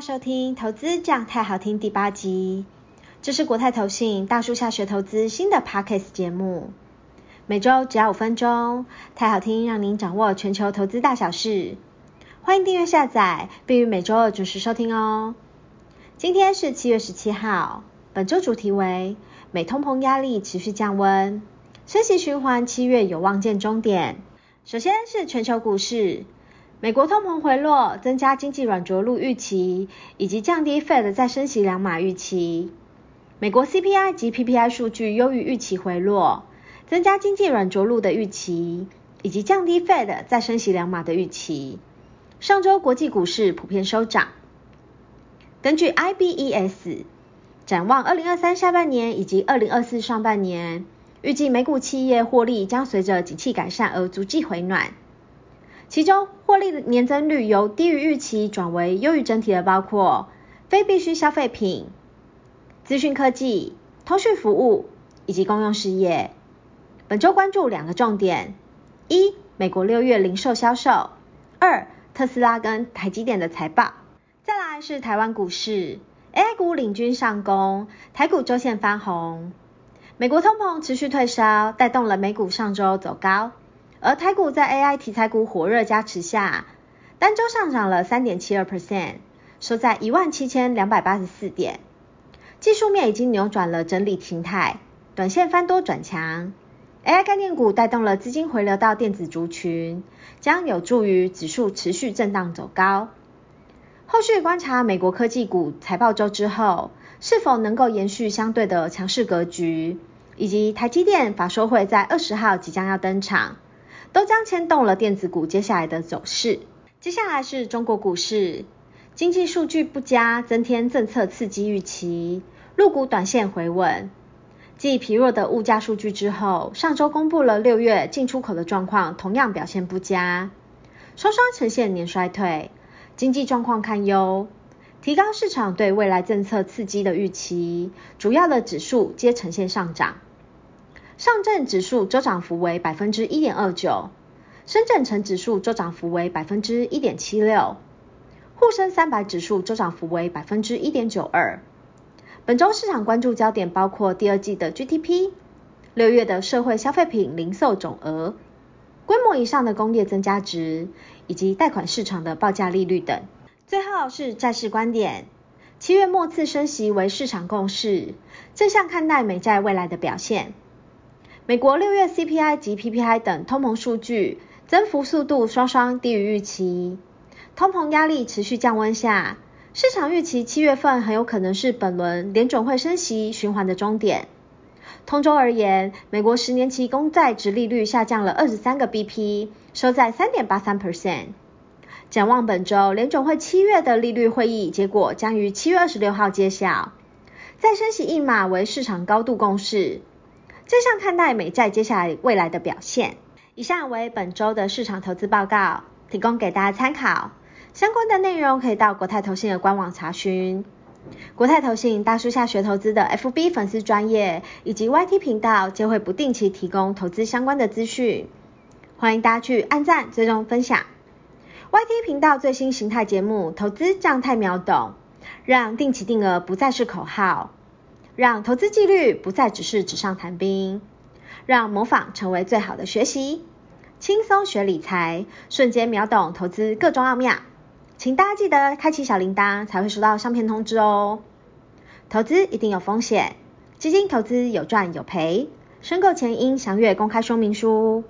收聽《投資這樣太好聽》第八集，這是國泰投信大樹下學投資新的 Podcast 節目，每周只要五分鐘，太好聽，讓您掌握全球投資大小事。歡迎訂閱下載，並於每週二準時收聽哦。今天是七月十七號，本週主題為美通膨壓力持續降溫，升息循環七月有望見終點。首先是全球股市。美國通膨回落，增加經濟軟着陸預期，以及降低 Fed 再升息兩碼預期。美國 CPI 及 PPI 數據優於預期回落，增加經濟軟着陸的預期，以及降低 Fed 再升息兩碼的預期。上周國際股市普遍收漲。根據 IBES 展望，二零二三下半年以及二零二四上半年，預計美股企業獲利將隨着景氣改善而逐季回暖。其中獲利的年增率由低於預期轉為優於整體的，包括非必需消費品、資訊科技、通訊服務以及公用事業。本週關注兩個重點：一、美國六月零售銷售；二、特斯拉跟台積電的財報。再來是台灣股市，AI 股領軍上攻，台股週線翻紅。美國通膨持續退燒，帶動了美股上週走高。而台股在 AI 題材股火熱加持下，單週上漲了三點七二 percent，收在一萬七千兩百八十四點。技術面已經扭轉了整理形態，短線翻多轉強。AI 概念股帶動了資金回流到電子族群，將有助於指數持續震盪走高。後續觀察美國科技股財報周之後，是否能夠延續相對的強勢格局，以及台積電法說會在二十號即將要登場。都將牽動了電子股接下來的走勢。接下來是中國股市，經濟數據不佳，增添政策刺激預期，陸股短線回穩。繼疲弱的物價數據之後，上周公布了六月進出口的狀況，同樣表現不佳，雙雙呈現年衰退，經濟狀況堪憂，提高市場對未來政策刺激的預期，主要的指數皆呈現上漲。上證指數周漲幅為百分之一點二九，深證成指數周漲幅為百分之一點七六，滬深三百指數周漲幅為百分之一點九二。本周市場關注焦點包括第二季的 GDP、六月的社會消費品零售總額、規模以上的工業增加值以及貸款市場的報價利率等。最後是債市觀點，七月末次升息為市場共識，正向看待美債未來的表現。美國六月 CPI 及 PPI 等通膨數據增幅速度雙雙低於預期，通膨壓力持續降溫下，市場預期七月份很有可能是本輪聯準會升息循環的終點。同週而言，美國十年期公債殖利率下降了二十三個 BP，收在三點八三 percent。展望本周聯準會七月的利率會議結果將於七月二十六號揭曉，再升息一碼為市場高度共識。正向看待美債接下來未來的表現。以上為本周的市場投資報告，提供給大家參考。相關的內容可以到國泰投信的官網查詢。國泰投信大樹下學投資的 FB 粉絲專頁以及 YT 頻道，皆會不定期提供投資相關的資訊。歡迎大家去按讚、追蹤、分享。YT 頻道最新形態節目《投資狀態秒懂》，讓定期定額不再是口號。讓投資紀律不再只是紙上談兵，讓模仿成為最好的學習，輕鬆學理財，瞬間秒懂投資各種奧妙。請大家記得開啟小鈴鐺，才會收到上片通知哦。投資一定有風險，基金投資有賺有賠，申購前應詳閱公開說明書。